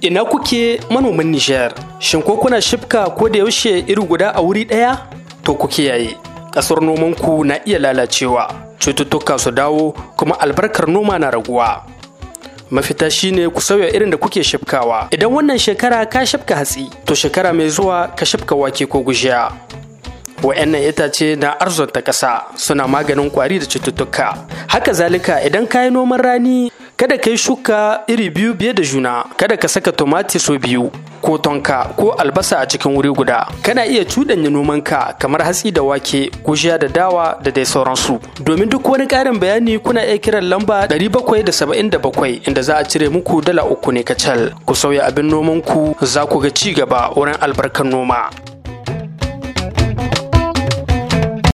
Ina kuke manoman Nijar? Shin ko kuna shifka ko da yaushe iri guda a wuri ɗaya? To ku kiyaye, ƙasar nomanku na iya lalacewa, cututtuka su dawo kuma albarkar noma na raguwa. Mafita shine ku sauya irin da kuke shifkawa. Idan wannan shekara ka shifka hatsi, to shekara mai zuwa ka shifka wake ko gujiya. wa'annan itace na arzonta ƙasa suna maganin kwari da cututtuka haka zalika idan ka yi noman rani kada ka yi shuka iri biyu biye da juna kada ka saka tomatis so biyu ko tonka ko albasa a cikin wuri guda kana iya cuɗanya nomanka kamar hatsi da wake gujiya da dawa da dai sauransu domin duk wani ƙarin bayani kuna iya kiran lamba 777 inda za a cire muku dala uku ne kacal ku sauya abin nomanku za ku ga ci gaba wurin albarkar noma